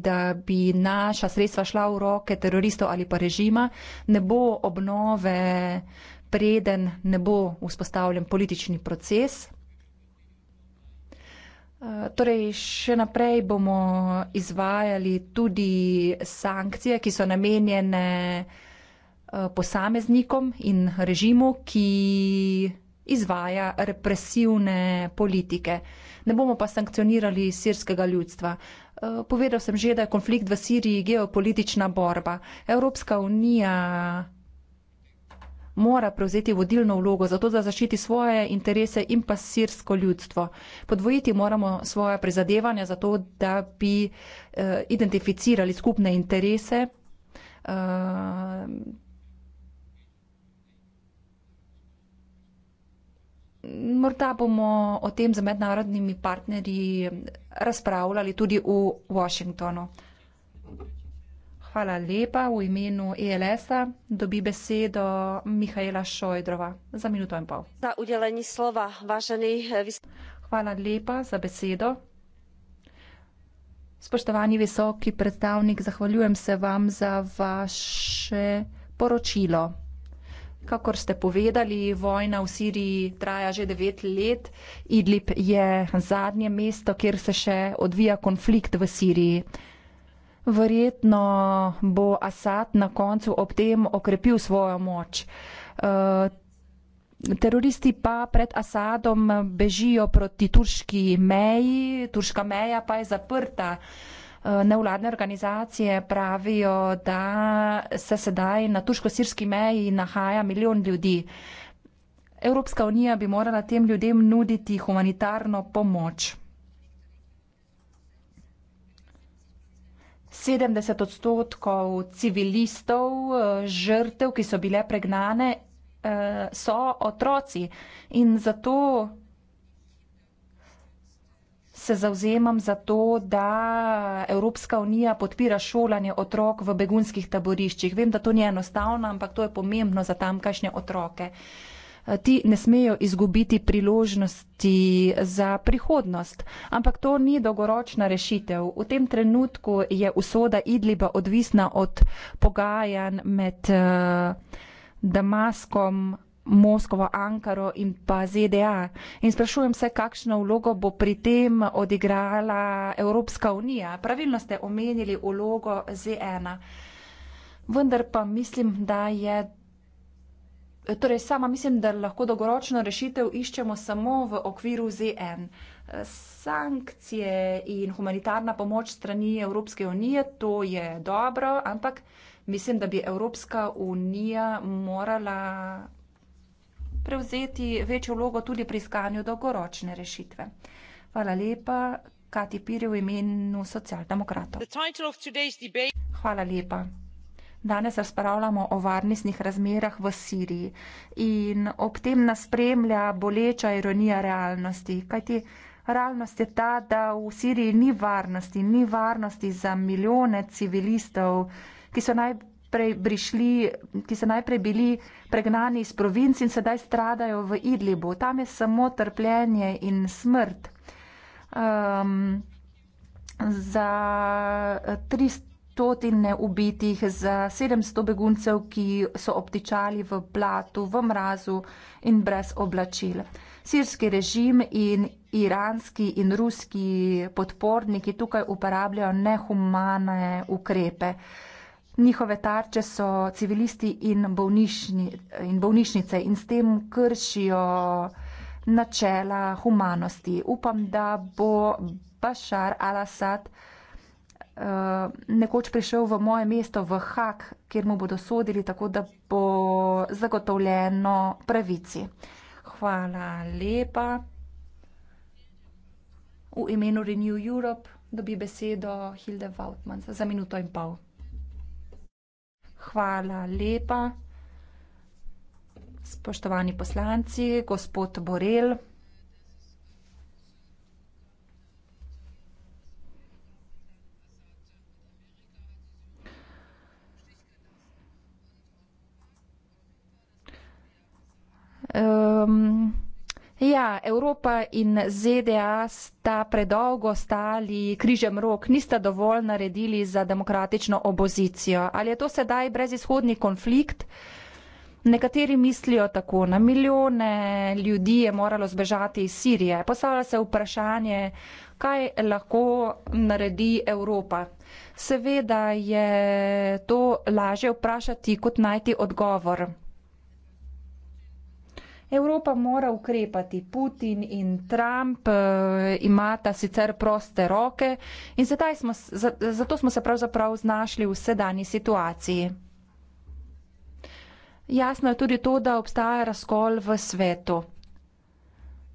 da bi naša sredstva šla v roke teroristov ali pa režima, ne bo obnove, preden ne bo vzpostavljen politični proces. Eh, torej, še naprej bomo izvajali tudi sankcije, ki so namenjene eh, posameznikom in režimu, ki izvaja represivne politike. Ne bomo pa sankcionirali sirskega ljudstva. Eh, povedal sem že, da je konflikt v Siriji geopolitična borba. Evropska unija mora prevzeti vodilno vlogo za to, da zaščiti svoje interese in pa sirsko ljudstvo. Podvojiti moramo svoje prizadevanja za to, da bi uh, identificirali skupne interese. Uh, Morda bomo o tem z mednarodnimi partnerji razpravljali tudi v Washingtonu. Hvala lepa. V imenu ELS-a dobi besedo Mihajla Šojdrova za minuto in pol. Za udeljenje slova, vašeni. Eh, Hvala lepa za besedo. Spoštovani visoki predstavnik, zahvaljujem se vam za vaše poročilo. Kakor ste povedali, vojna v Siriji traja že devet let. Idlib je zadnje mesto, kjer se še odvija konflikt v Siriji. Verjetno bo Asad na koncu ob tem okrepil svojo moč. Eh, teroristi pa pred Asadom bežijo proti turški meji, turška meja pa je zaprta nevladne organizacije pravijo, da se sedaj na tuško-sirski meji nahaja milijon ljudi. Evropska unija bi morala tem ljudem nuditi humanitarno pomoč. 70 odstotkov civilistov, žrtev, ki so bile pregnane, eh, so otroci in zato se zauzemam za to, da Evropska unija podpira šolanje otrok v begunskih taboriščih. Vem, da to ni enostavno, ampak to je pomembno za tamkajšnje otroke. Eh, ti ne smejo izgubiti priložnosti za prihodnost, ampak to ni dolgoročna rešitev. V tem trenutku je usoda Idliba odvisna od pogajanj med eh, Damaskom, Moskvo, Ankaro in pa ZDA. In sprašujem se, kakšno vlogo bo pri tem odigrala Evropska unija. Pravilno ste omenili vlogo ZN. Vendar pa mislim, da je. Torej, sama mislim, da lahko dolgoročno rešitev iščemo samo v okviru ZN. Sankcije in humanitarna pomoč strani Evropske unije, to je dobro, ampak mislim, da bi Evropska unija morala prevzeti večjo vlogo tudi pri iskanju dolgoročne rešitve. Hvala lepa, Kati Pirje v imenu socialdemokratov. Hvala lepa. Danes razpravljamo o varnostnih razmerah v Siriji in ob tem nas spremlja boleča ironija realnosti, kajti realnost je ta, da v Siriji ni varnosti, ni varnosti za milijone civilistov, ki so najbolj najprej prišli, ki so najprej bili pregnani iz provinc in sedaj stradajo v Idlibu. Tam je samo trpljenje in smrt. Um, za 300 ubitih, za 700 beguncev, ki so obtičali v blatu, v mrazu in brez oblačil. Sirski režim in iranski in ruski podporniki tukaj uporabljajo nehumane ukrepe. Uh, Njihove tarče so civilisti in, bolnišni, in bolnišnice in s tem kršijo načela humanosti. Upam, da bo Bašar al-Assad eh, nekoč prišel v moje mesto v Hak, kjer mu bodo sodili, tako da bo zagotovljeno pravici. Hvala lepa. V imenu Renew Europe dobi besedo Hilde Vautman za minuto in pol. Hvala lepa. Spoštovani poslanci, gospod Borel. Um, Ja, Evropa in ZDA sta predolgo stali križem rok, nista dovolj naredili za demokratično opozicijo. Ali je to sedaj brezizhodni konflikt? Nekateri mislijo tako, na milijone ljudi je moralo zbežati iz Sirije. Postavlja se vprašanje, kaj lahko naredi Evropa. Seveda je to lažje vprašati, kot najti odgovor. Evropa mora ukrepati. Putin in Trump uh, imata sicer proste roke in smo, zato smo se pravzaprav znašli v sedanji situaciji. Jasno je tudi to, da obstaja razkol v svetu.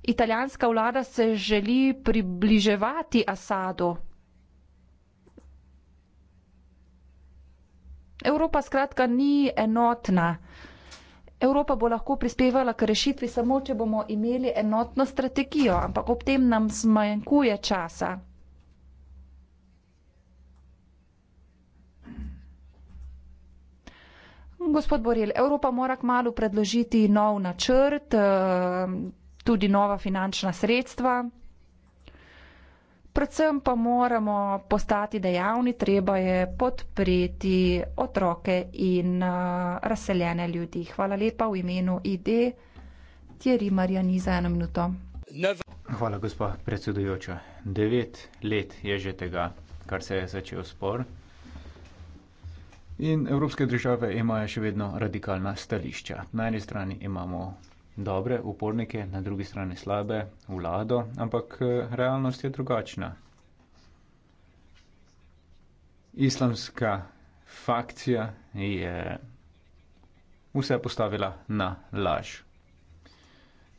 Italijanska vlada se želi približevati Asadu. Evropa skratka ni enotna. Evropa bo lahko prispevala k rešitvi samo, če bomo imeli enotno strategijo, ampak ob tem nam zmanjkuje časa. Gospod Borel, Evropa mora kmalo predložiti nov načrt, eh, tudi nova finančna sredstva predvsem pa moramo postati dejavni, treba je podpreti otroke in uh, razseljene ljudi. Hvala lepa v imenu ID, Tjeri Marjani za eno minuto. Hvala, gospa predsedujoča. Devet let je že tega, kar se je začel spor. In evropske države imajo še vedno radikalna stališča. Na eni strani imamo dobre upornike, na drugi strani slabe vlado, ampak eh, realnost je drugačna. Islamska fakcija je vse postavila na laž.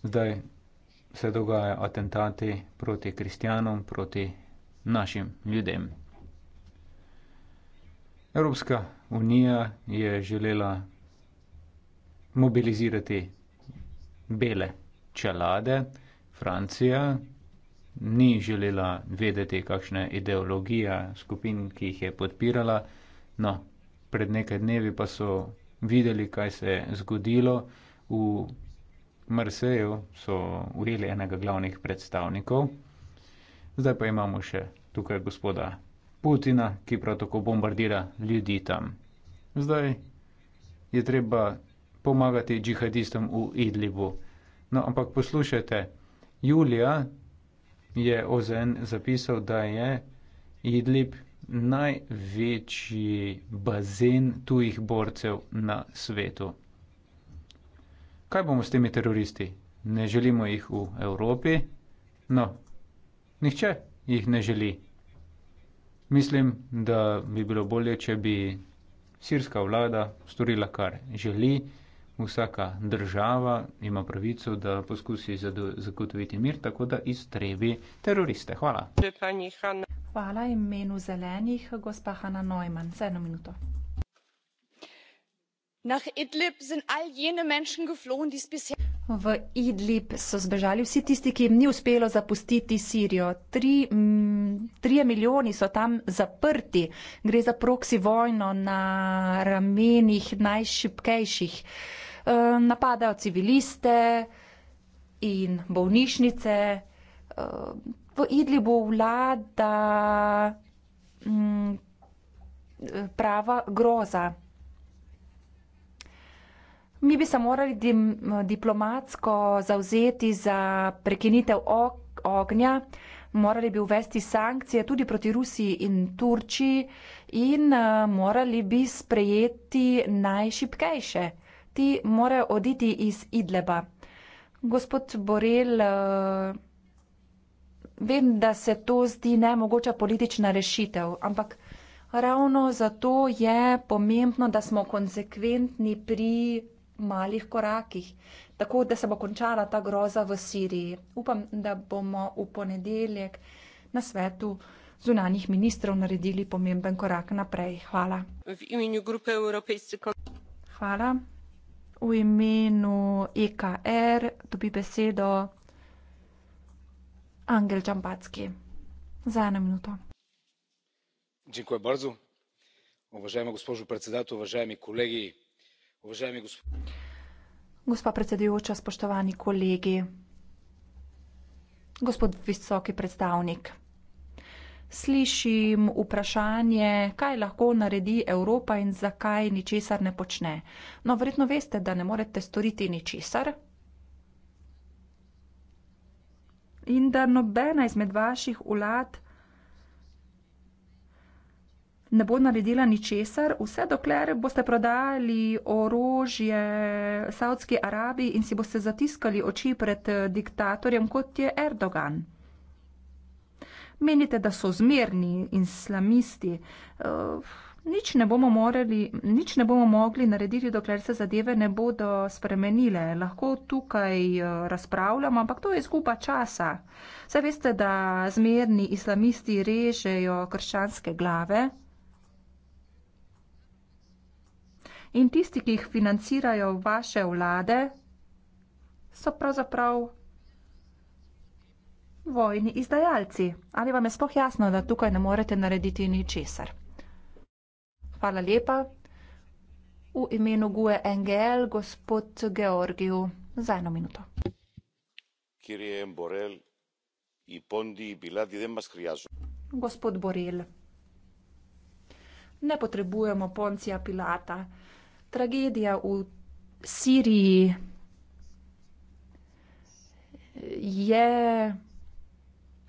Zdaj se dogajajo atentati proti kristjanom, proti našim ljudem. Evropska unija je želela mobilizirati bele čelade. Francija ni želela vedeti, kakšna je ideologija skupin, ki jih je podpirala. No, pred nekaj dnevi pa so videli, kaj se je zgodilo. V Marseju so ujeli enega glavnih predstavnikov. Zdaj pa imamo še tukaj gospoda Putina, ki prav tako bombardira ljudi tam. Zdaj je treba pomagati džihadistom v Idlibu. No, ampak poslušajte, Julija je OZN zapisal, da je Idlib največji bazen tujih borcev na svetu. Kaj bomo s temi teroristi? Ne želimo jih v Evropi? No, nihče jih ne želi. Mislim, da bi bilo bolje, če bi sirska vlada storila, kar želi vsaka država ima pravico, da poskusi zagotoviti mir, tako da iztrebi teroriste. Hvala. Hvala imenu zelenih, gospa Hanna Neumann. Za eno minuto. V Idlib so zbežali vsi tisti, ki jim ni uspelo zapustiti Sirijo. Tri, mm, trije milijoni so tam zaprti. Gre za proksi vojno na ramenih najšipkejših. Uh, Eh, napadajo civiliste in bolnišnice. Eh, v Idlibu vlada mm, prava groza. Mi bi se morali diplomatsko zauzeti za prekinitev ognja, morali bi uvesti sankcije tudi proti Rusiji in Turčiji in eh, morali bi sprejeti najšipkejše oblasti morajo oditi iz Idleba. Gospod Borel, eh, vem, da se to zdi nemogoča politična rešitev, ampak ravno zato je pomembno, da smo konsekventni pri malih korakih, tako da se bo končala ta groza v Siriji. Upam, da bomo v ponedeljek na svetu zunanjih ministrov naredili pomemben korak naprej. Hvala. Hvala v imenu EKR dobi besedo Angel Džambacki za eno minuto. Dziękuję bardzo. Уважаема госпожо председател, уважаеми колеги, уважаеми госпожи. Госпожа председателка, спoštovani колеги. Господ високи представник slišim vprašanje, kaj lahko naredi Evropa in zakaj ničesar ne počne. No, verjetno veste, da ne morete storiti ničesar. In da nobena izmed vaših vlad ne bo naredila ničesar, vse dokler boste prodajali orožje Saudski Arabiji in si boste zatiskali oči pred diktatorjem, kot je Erdogan. Menite, da so zmerni islamisti. Eh, nič ne, bomo morali, nič ne bomo mogli narediti, dokler se zadeve ne bodo spremenile. Lahko tukaj eh, razpravljamo, ampak to je izguba časa. Saj veste, da zmerni islamisti režejo krščanske glave in tisti, ki jih financirajo vaše vlade, so pravzaprav vojni izdajalci. Ali vam je spoh jasno, da tukaj ne morete narediti ničesar? Hvala lepa. V imenu Gue NGL, gospod Georgiju, za eno minuto. Borel, gospod Borel, ne potrebujemo Poncija Pilata. Tragedija v Siriji je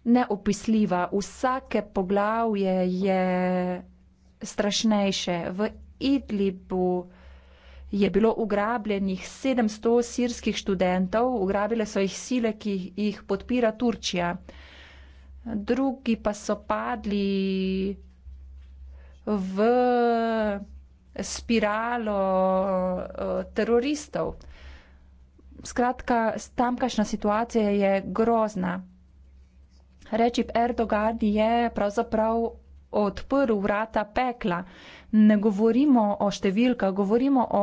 neopisljiva. Vsake poglavje je strašnejše. V Idlibu je bilo ugrabljenih 700 sirskih študentov, ugrabile so jih sile, ki jih podpira Turčija. Drugi pa so padli v spiralo eh, teroristov. Skratka, tamkajšnja situacija je grozna. Rečib Erdogan je pravzaprav odprl vrata pekla. Ne govorimo o številkah, govorimo o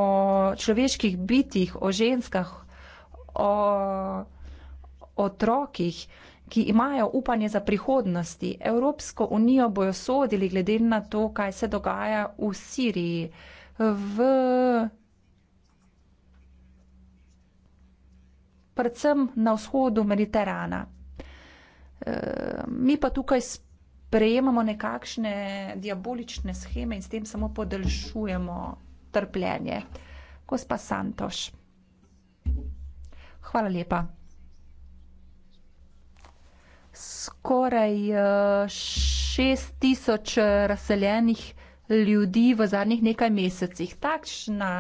človeških bitjih, o ženskah, o otrokih, ki imajo upanje za prihodnosti. Evropsko unijo bojo sodili glede na to, kaj se dogaja v Siriji. V predvsem na vzhodu Mediterana. Eh, mi pa tukaj sprejemamo nekakšne diabolične scheme in s tem samo podaljšujemo trpljenje. Gospa Santoš. Hvala lepa. Skoraj 6000 eh, eh, razseljenih ljudi v zadnjih nekaj mesecih. Takšna,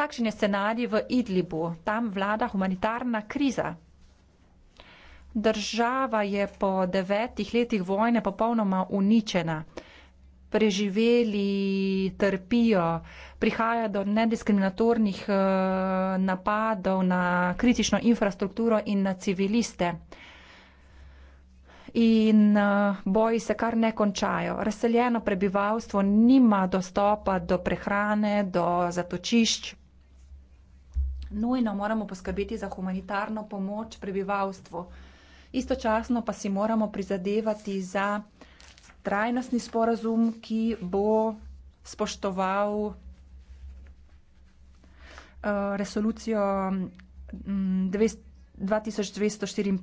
takšen je scenarij v Idlibu. Tam vlada humanitarna kriza. Država je po devetih letih vojne popolnoma uničena. Preživeli trpijo, prihaja do nediskriminatornih eh, napadov na kritično infrastrukturo in na civiliste. In eh, boji se kar ne končajo. Razseljeno prebivalstvo nima dostopa do prehrane, do zatočišč. Nujno moramo poskrbeti za humanitarno pomoč prebivalstvu istočasno pa si moramo prizadevati za trajnostni sporazum, ki bo spoštoval eh, resolucijo 2254 mm,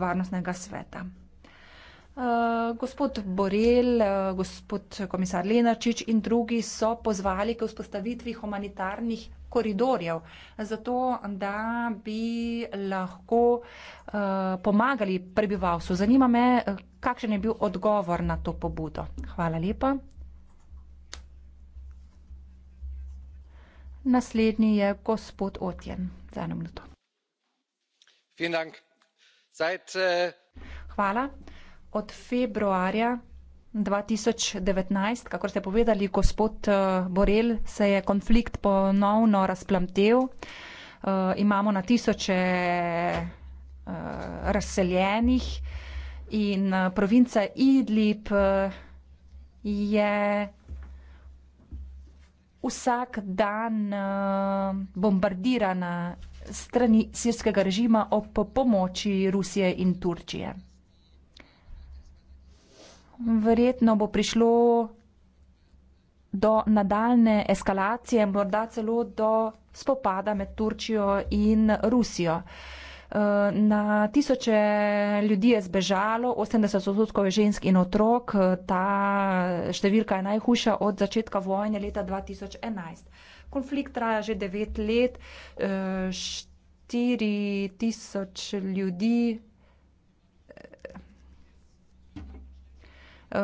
Varnostnega sveta. Eh, gospod Borel, eh, gospod komisar Lenačič in drugi so pozvali k vzpostavitvi humanitarnih koridorjev, zato da bi lahko uh, pomagali prebivalstvu. Zanima me, eh, kakšen je bil odgovor na to pobudo. Hvala lepa. Naslednji je gospod Otjen. Za eno minuto. Eh, Hvala. Od februarja 2019, kako ste povedali, gospod eh, Borel, se je konflikt ponovno razplamtel. Eh, imamo na tisoče eh, razseljenih in provinca Idlib je vsak dan bombardirana strani sirskega režima ob pomoči Rusije in Turčije verjetno bo prišlo do nadaljne eskalacije, morda celo do spopada med Turčijo in Rusijo. Eh, na tisoče ljudi je zbežalo, 80 odstotkov je žensk in otrok, eh, ta številka je najhujša od začetka vojne leta 2011. Konflikt traja že devet let, eh, štiri tisoč ljudi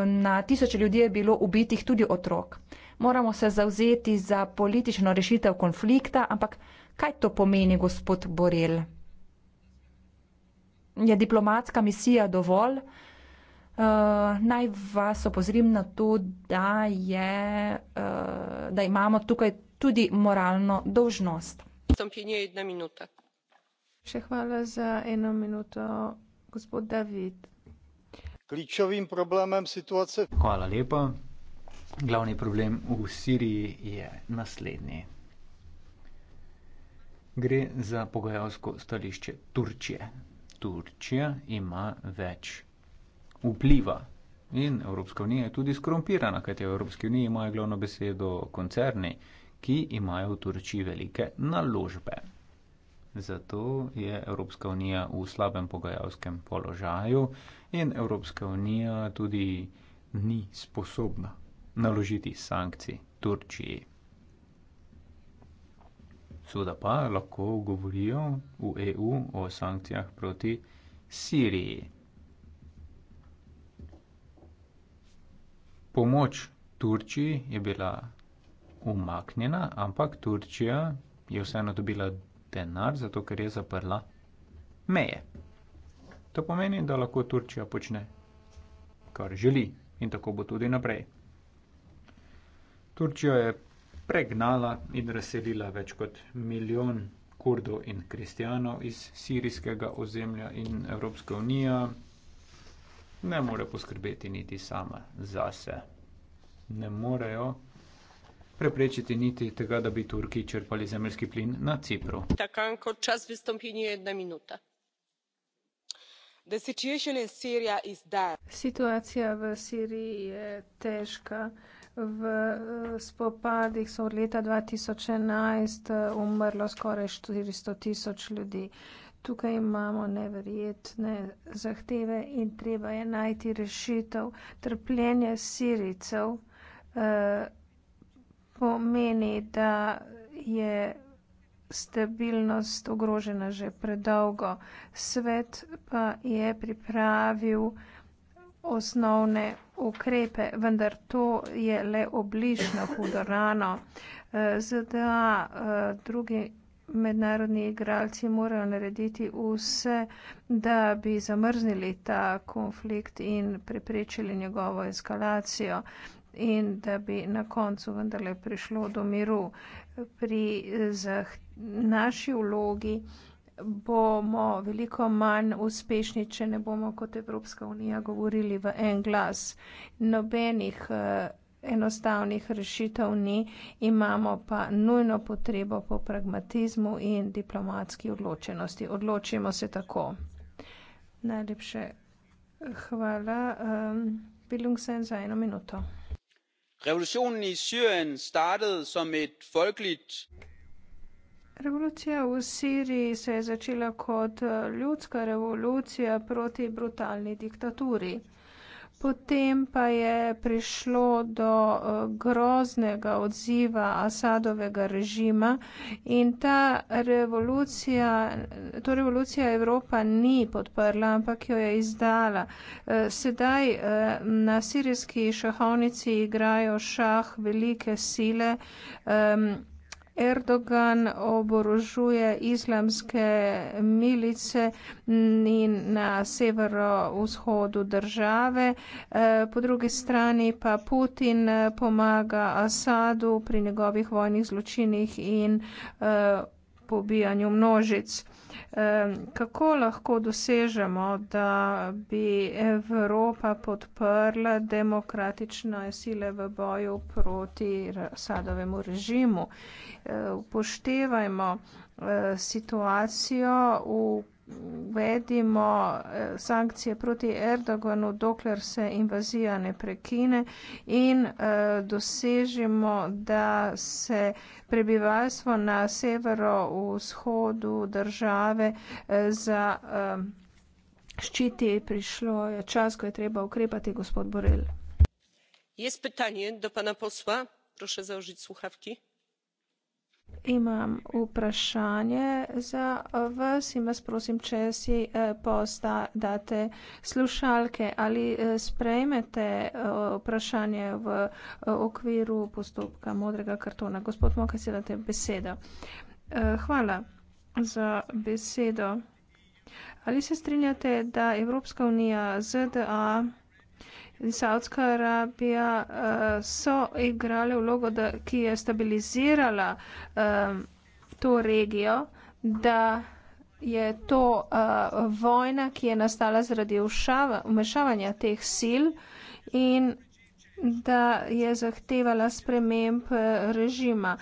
na tisoče ljudi je bilo ubitih tudi otrok. Moramo se zauzeti za politično rešitev konflikta, ampak kaj to pomeni, gospod Borel? Je diplomatska misija dovolj? Uh, naj vas opozorim na to, da, je, uh, da imamo tukaj tudi moralno dolžnost. Še hvala za eno minuto, gospod David klíčovým problémem situace. Hvala lepa. Glavni problem v Siriji je naslednji. Gre za pogajalsko stališče Turčije. Turčija ima več vpliva in Evropska unija je tudi skorumpirana, kajti v Evropski uniji imajo glavno besedo koncerni, ki imajo v Turčiji velike naložbe. Zato je Evropska unija v slabem pogajalskem položaju in Evropska unija tudi ni sposobna naložiti sankcij Turčiji. Seveda pa lahko govorijo v EU o sankcijah proti Siriji. Pomoč Turčiji je bila umaknjena, ampak Turčija je vseeno dobila denar, zato ker je zaprla meje. To pomeni, da lahko Turčija počne, kar želi in tako bo tudi naprej. Turčijo je pregnala in razselila več kot milijon kurdov in kristijanov iz sirijskega ozemlja in Evropska unija ne more poskrbeti niti sama za se. Ne morejo preprečiti niti tega, da bi Turki črpali zemljski plin na Cipru. Takanko čas vystąpienia jedna minuta. Situacija v Siriji je težka. V eh, spopadih so od leta 2011 eh, umrlo skoraj 400 tisoč ljudi. Tukaj imamo neverjetne zahteve in treba je najti rešitev. Trpljenje Siricev eh, pomeni, da je stabilnost ogrožena že predolgo. Svet pa je pripravil osnovne ukrepe, vendar to je le obližno hudorano. ZDA, eh, drugi mednarodni igralci morajo narediti vse, da bi zamrznili ta konflikt in preprečili njegovo eskalacijo in da bi na koncu vendarle prišlo do miru pri zah, naši vlogi bomo veliko manj uspešni, če ne bomo kot Evropska unija govorili v en glas. Nobenih eh, enostavnih rešitev ni, imamo pa nujno potrebo po pragmatizmu in diplomatski odločenosti. Odločimo se tako. Najlepše hvala. Um, Bilung sen za eno minuto revolutionen i syrien startede som et folkeligt Revolucija v Siriji se je začela kot eh, ljudska revolucija proti brutalni diktaturi. Potem pa je prišlo do uh, groznega odziva Asadovega režima in ta revolucija, to revolucija Evropa ni podprla, ampak jo je izdala. Uh, sedaj uh, na sirijski šahovnici igrajo šah velike sile. Um, Erdogan oborožuje islamske milice in na severovzhodu države. Eh, po drugi strani pa Putin eh, pomaga Asadu pri njegovih vojnih zločinih in eh, pobijanju množic. Kako lahko dosežemo, da bi Evropa podprla demokratične sile v boju proti sadovemu režimu? Poštevajmo eh, situacijo v uvedimo eh, sankcije proti Erdoganu, dokler se invazija ne prekine in uh, eh, dosežimo, da se prebivalstvo na severovzhodu države uh, za uh, ščiti prišlo je čas, ko je treba ukrepati, gospod Borel. Je sprašanje do pana posla, prosim, založite slušalke. Imam vprašanje za vas in vas prosim, če si eh, posta date slušalke ali eh, sprejmete eh, vprašanje v okviru postopka modrega kartona. Gospod Moka, si date besedo. Hvala za besedo. Ali se strinjate, da Evropska unija ZDA in Saudska Arabija uh, so igrali vlogo, da, ki je stabilizirala um, to regijo, da je to uh, vojna, ki je nastala zaradi vmešavanja teh sil in da je zahtevala sprememb režima.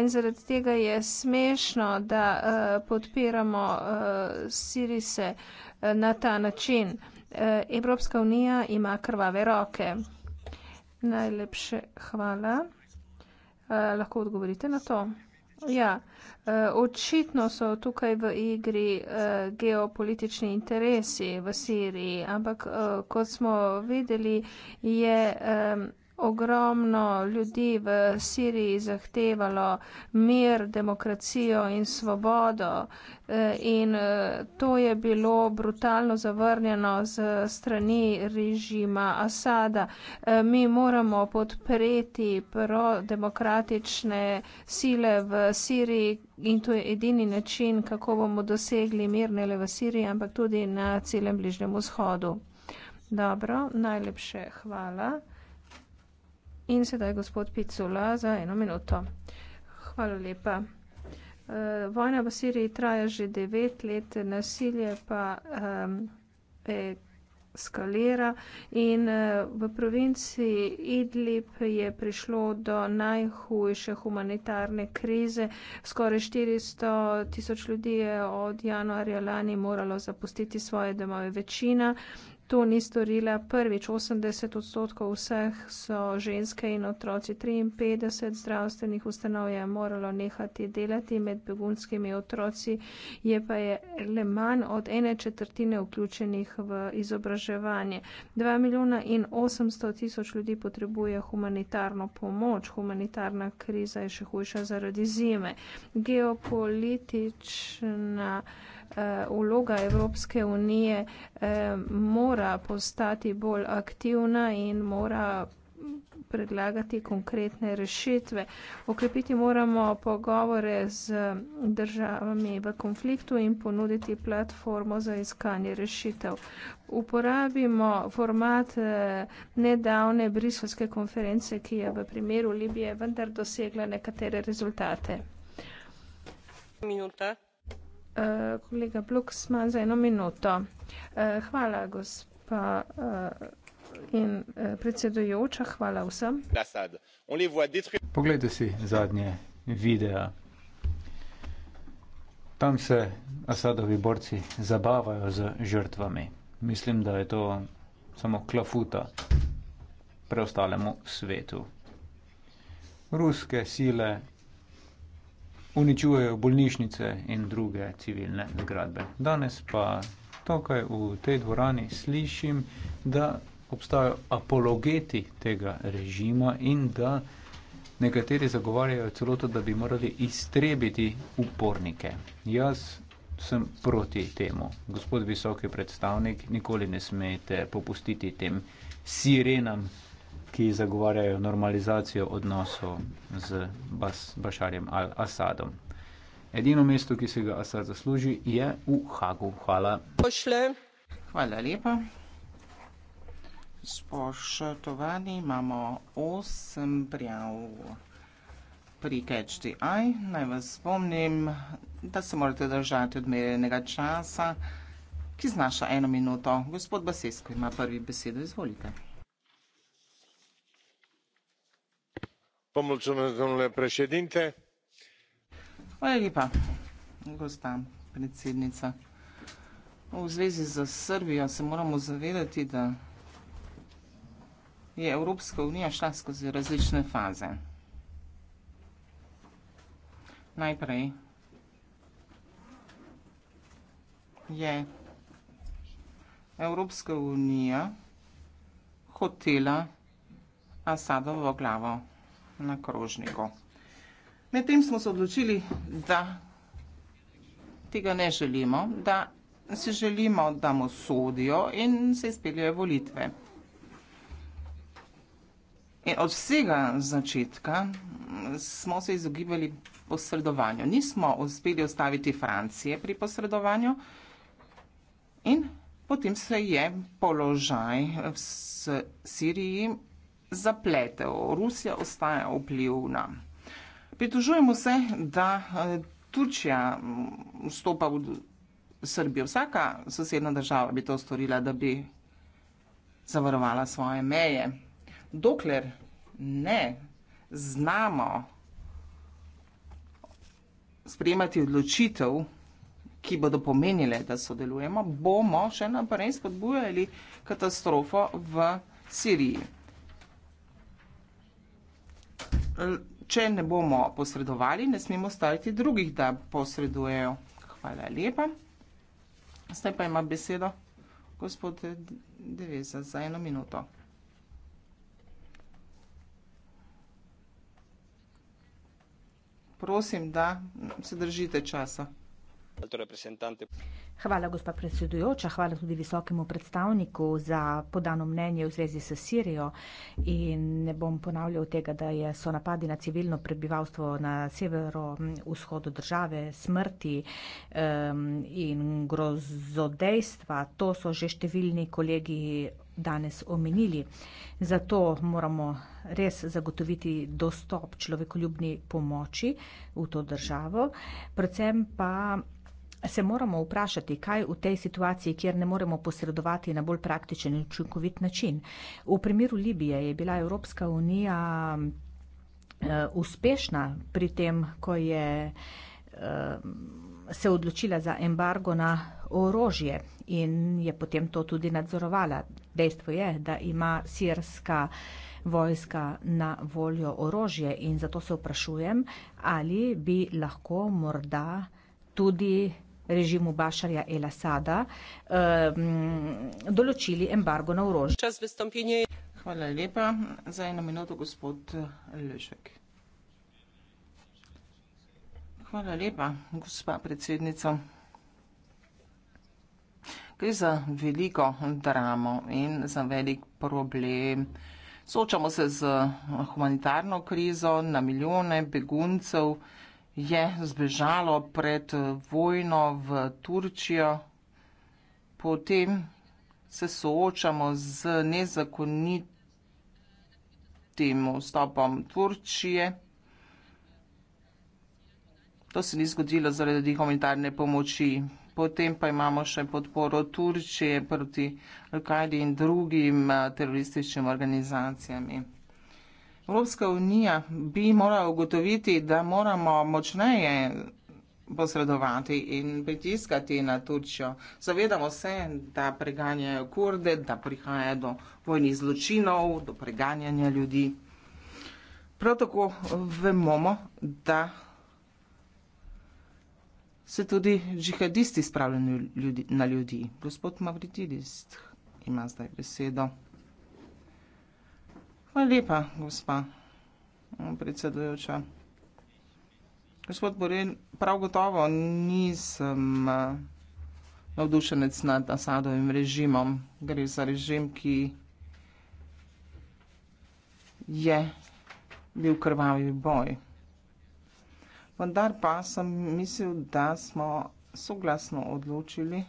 In zaradi tega je smešno, da podpiramo Sirise na ta način. Eh, Evropska unija ima krvave roke. Najlepše hvala. Eh, lahko odgovorite na to? Ja, eh, očitno so tukaj v igri geopolitični interesi v Siriji, ampak kot smo videli, je ogromno ljudi v Siriji zahtevalo mir, demokracijo in svobodo eh, in eh, to je bilo brutalno zavrnjeno z strani režima Asada. Eh, mi moramo podpreti prodemokratične sile v Siriji in to je edini način, kako bomo dosegli mir ne le v Siriji, ampak tudi na celem Bližnjem vzhodu. Dobro, najlepše hvala. In sedaj gospod Picula za eno minuto. Hvala lepa. Eh, vojna v Siriji traja že devet let, nasilje pa um, eskalira in uh, v provinci Idlib je prišlo do najhujše humanitarne krize. Skoraj 400 tisoč ljudi je od januarja lani moralo zapustiti svoje domove. Večina uh, to ni storila prvič. 80 odstotkov vseh so ženske in otroci. 53 zdravstvenih ustanov je moralo nehati delati med begunskimi otroci, je pa je le manj od ene četrtine vključenih v izobraževanje. 2 milijona in 800 tisoč ljudi potrebuje humanitarno pomoč. Humanitarna kriza je še hujša zaradi zime. Geopolitična. Eh, vloga Evropske unije eh, mora postati bolj aktivna in mora predlagati konkretne rešitve. Okrepiti moramo pogovore z državami v konfliktu in ponuditi platformo za iskanje rešitev. Uporabimo format eh, nedavne briselske konference, ki je v primeru Libije vendar dosegla nekatere rezultate. Minuta. Eh, kolega Bloks ima za eno minuto. Eh, hvala, gospa eh, in predsedujoča, hvala vsem. Poglejte si zadnje videa. Tam se Asadovi borci zabavajo z žrtvami. Mislim, da je to samo klafuta preostalemu svetu. Ruske sile uničujejo bolnišnice in druge civilne zgradbe. Danes pa tukaj v tej dvorani slišim, da obstajajo apologeti tega režima in da nekateri zagovarjajo celoto, da bi morali iztrebiti upornike. Jaz sem proti temu. Gospod visoki predstavnik, nikoli ne smete popustiti tem sirenam ki zagovarjajo normalizacijo odnosov z Bas, Bašarjem al-Asadom. Edino mesto, ki se ga Asad zasluži, je v Hagu. Hvala. Pošle. Hvala lepa. Spoštovani, imamo osem prijav pri Catch the Eye. Naj vas spomnim, da se morate držati odmerjenega časa, ki znaša eno minuto. Gospod Basesko ima prvi besedo, izvolite. domnule președinte gospa predsednica v zvezi s srbijo se moramo zavedati da je evropska unija šla skozi različne faze najprej je evropska unija hotela asadovo glavo na krožniku. Medtem smo se odločili, da tega ne želimo, da si želimo, da mu sodijo in se izpeljajo volitve. In od vsega začetka smo se izogibali posredovanju. Nismo uspeli ostaviti Francije pri posredovanju in potem se je položaj v Siriji zapletel. Rusija ostaja vplivna. Pritožujemo se, da eh, Turčija mm, vstopa v Srbijo. Vsaka sosedna država bi to storila, da bi zavarovala svoje meje. Dokler ne znamo sprejemati odločitev, ki bodo pomenile, da sodelujemo, bomo še naprej spodbujali katastrofo v Siriji če ne bomo posredovali, ne smemo staviti drugih, da posredujejo. Hvala lepa. Zdaj pa ima besedo gospod Deveza za eno minuto. Prosim, da se držite časa alto reprezentante. Hvala, gospa predsedujoča, hvala tudi visokemu predstavniku za podano mnenje v zvezi s Sirijo in ne bom ponavljal tega, da je, so napadi na civilno prebivalstvo na severo-vzhodu države, smrti um, in grozodejstva, to so že številni kolegi danes omenili. Zato moramo res zagotoviti dostop človekoljubni pomoči v to državo, predvsem pa se moramo vprašati, kaj v tej situaciji, kjer ne moremo posredovati na bolj praktičen in učinkovit način. V primeru Libije je bila Evropska unija eh, uspešna pri tem, ko je eh, se odločila za embargo na orožje in je potem to tudi nadzorovala. Dejstvo je, da ima sirska vojska na voljo orožje in zato se vprašujem, ali bi lahko morda tudi režimu Bašarja el-Asada um, določili embargo na orožje. Hvala lepa. Za eno minuto gospod Lešek. Hvala lepa, gospa predsednica. Gre za veliko dramo in za velik problem. Soočamo se z humanitarno krizo na milijone beguncev, je zbežalo pred vojno v Turčijo, potem se soočamo z nezakonitim vstopom Turčije. To se ni zgodilo zaradi humanitarne pomoči. Potem pa imamo še podporo Turčije proti Al-Kaidi in drugim terorističnim organizacijam. Evropska unija bi morala ugotoviti, da moramo močneje posredovati in pritiskati na Turčjo. Zavedamo se, da preganjajo kurde, da prihaja do vojnih zločinov, do preganjanja ljudi. Prav tako vemo, da se tudi džihadisti spravljajo na ljudi. Gospod Mavritidis ima zdaj besedo. Hvala lepa, gospa mm, predsedujoča. Gospod Boren, prav gotovo nisem eh, navdušenec nad Asadovim režimom. Gre za režim, ki je bil krvavi boj. Vendar pa sem mislil, da smo soglasno odločili,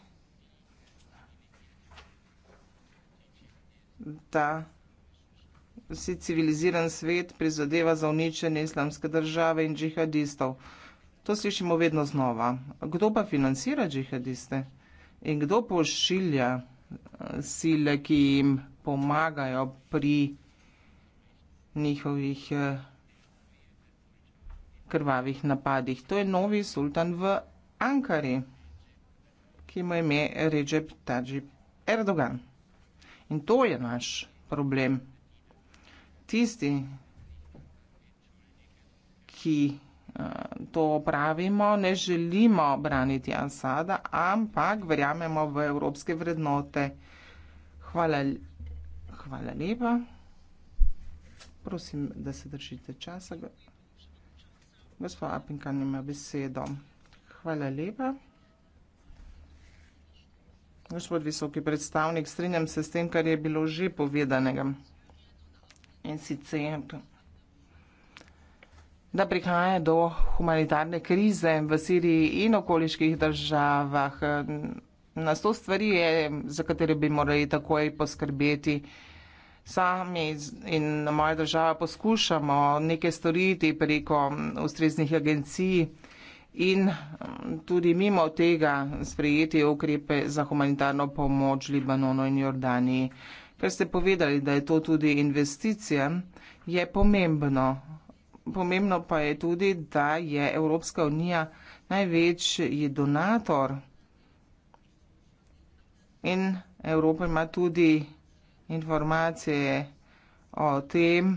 da je si civiliziran svet prizadeva za uničenje islamske države in džihadistov. To slišimo vedno znova. Kdo pa financira džihadiste? In kdo pošilja eh, sile, ki jim pomagajo pri njihovih eh, krvavih napadih? To je novi sultan v Ankari, ki mu ime Recep Tajip Erdogan. In to je naš problem tisti, ki eh, to pravimo, ne želimo braniti Asada, ampak verjamemo v evropske vrednote. Hvala, hvala lepa. Prosim, da se držite časa. Gospod Apinkan ima besedo. Hvala lepa. Gospod visoki predstavnik, strinjam se s tem, kar je bilo že povedanega in sicer, da prihaja do humanitarne krize v Siriji in okoliških državah. Na sto stvari je, za katere bi morali takoj poskrbeti. Sami in moja država poskušamo nekaj storiti preko ustreznih agencij in tudi mimo tega sprejeti ukrepe za humanitarno pomoč Libanonu in Jordaniji. Ker ste povedali, da je to tudi investicija, je pomembno. Pomembno pa je tudi, da je Evropska unija največji donator in Evropa ima tudi informacije o tem,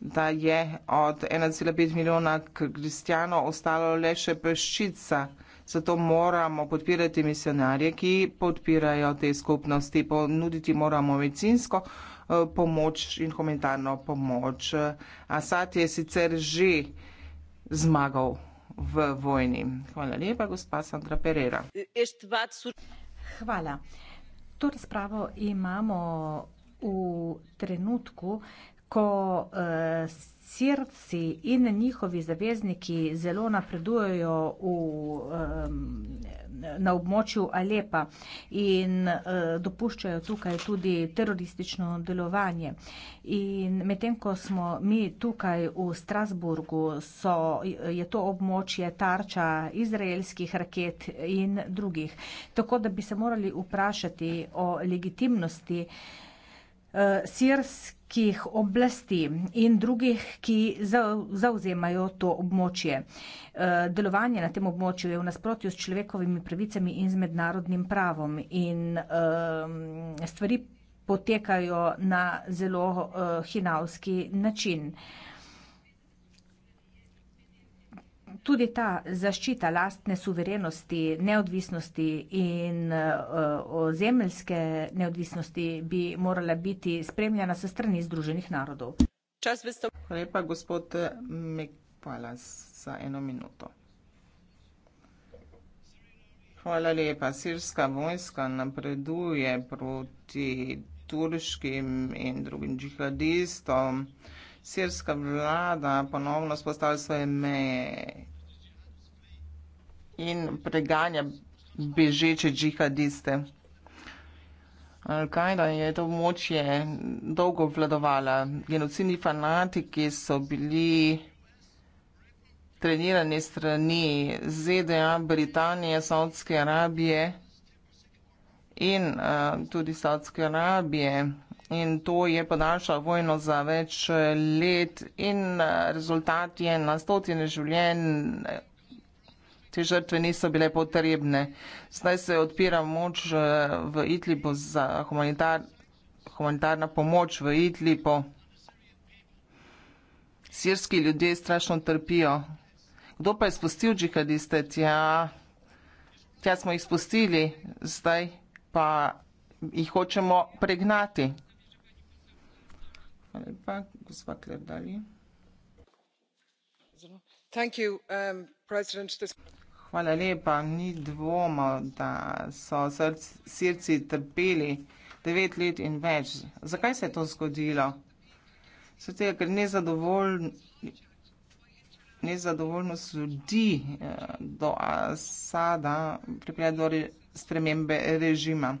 da je od 1,5 milijona kristjanov ostalo le še peščica zato moramo podpirati misionarje, ki podpirajo te skupnosti, ponuditi moramo medicinsko eh, pomoč in humanitarno pomoč. Asad je sicer že zmagal v vojni. Hvala lepa, gospa Sandra Pereira. Hvala. To razpravo imamo v trenutku, ko uh, Sirci in njihovi zavezniki zelo napredujejo v, na območju Alepa in eh, dopuščajo tukaj tudi teroristično delovanje. In medtem, ko smo mi tukaj v Strasburgu, so, je to območje tarča izraelskih raket in drugih. Tako da bi se morali vprašati o legitimnosti Eh, sirskih oblasti in drugih, ki zauzemajo to območje. Eh, delovanje na tem območju je v nasprotju s človekovimi pravicami in z mednarodnim pravom in eh, stvari potekajo na zelo hinavski način. tudi ta zaščita lastne suverenosti, neodvisnosti in eh, ozemeljske neodvisnosti bi morala biti spremljena se strani Združenih narodov. Čas veste. Hvala lepa, gospod eh, Mekpalas, za eno minuto. Hvala lepa. Sirska vojska napreduje proti turškim in drugim džihadistom. Sirska vlada ponovno spostavlja svoje meje in preganja bežeče džihadiste. Al-Kaida je to območje dolgo vladovala. Genocidni fanatiki so bili trenirani strani ZDA, Britanije, Saudske Arabije in uh, tudi Saudske Arabije. In to je podaljšalo vojno za več let in uh, rezultat je na stotine življenj te žrtve niso bile potrebne. Zdaj se odpira moč eh, v Itlipu za humanitar, humanitarna pomoč v Itlipu. Sirski ljudje strašno trpijo. Kdo pa je spustil džihadiste tja? Tja smo jih spustili, zdaj pa jih hočemo pregnati. Hvala lepa, gospa Klerdali. Thank you, um, President. This... Hvala lepa. Ni dvoma, da so srci trpeli devet let in več. Zakaj se je to zgodilo? Zato, ker nezadovoljno, nezadovoljno sludi eh, do Asada pripravljati do spremembe režima.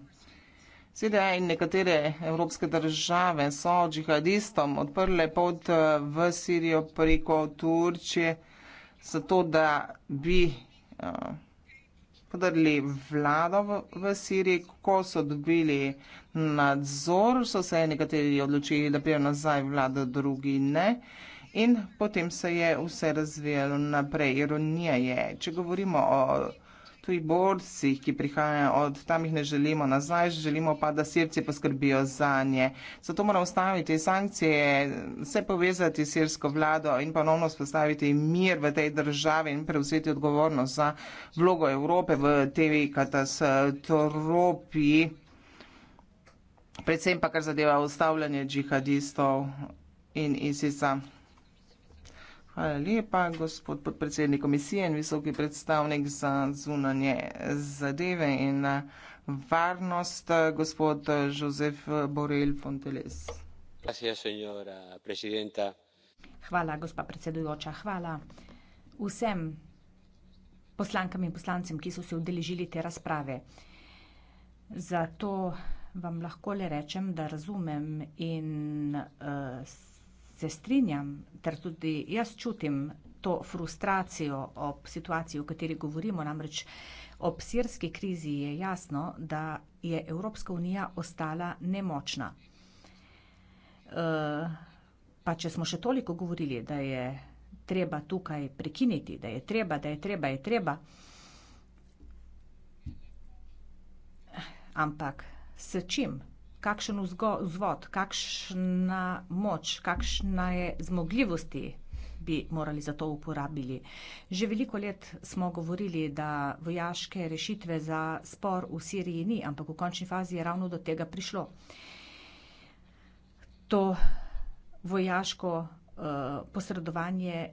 Sedaj in nekatere evropske države so džihadistom odprle pot eh, v Sirijo preko Turčije, zato da bi Eh, podrli vlado v, v Siriji, ko so dobili nadzor, so se nekateri odločili, da prijo nazaj vlado, drugi ne. In potem se je vse razvijalo naprej. Ironija je, če govorimo o tudi borci, ki prihajajo od tam, jih ne želimo nazaj, želimo pa, da sirci poskrbijo za nje. Zato moramo ustaviti sankcije, vse povezati s sirsko vlado in ponovno spostaviti mir v tej državi in prevzeti odgovornost za vlogo Evrope v tej katastrofi, predvsem pa kar zadeva ustavljanje džihadistov in ISIS-a. Hvala lepa, gospod podpredsednik komisije in visoki predstavnik za zunanje zadeve in eh, varnost, eh, gospod eh, Jozef Borel Fonteles. Hvala, gospa predsedujoča. Hvala vsem poslankam in poslancem, ki so se udeležili te razprave. Zato vam lahko le rečem, da razumem in uh, se strinjam, ter tudi jaz čutim to frustracijo ob situaciji, o kateri govorimo, namreč ob sirski krizi je jasno, da je Evropska unija ostala nemočna. E, pa če smo še toliko govorili, da je treba tukaj prekiniti, da je treba, da je treba, je treba. Ampak s čim? kakšen vzvod, kakšna moč, kakšna je zmogljivosti bi morali za to uporabili. Že veliko let smo govorili, da vojaške rešitve za spor v Siriji ni, ampak v končni fazi je ravno do tega prišlo. To vojaško uh, posredovanje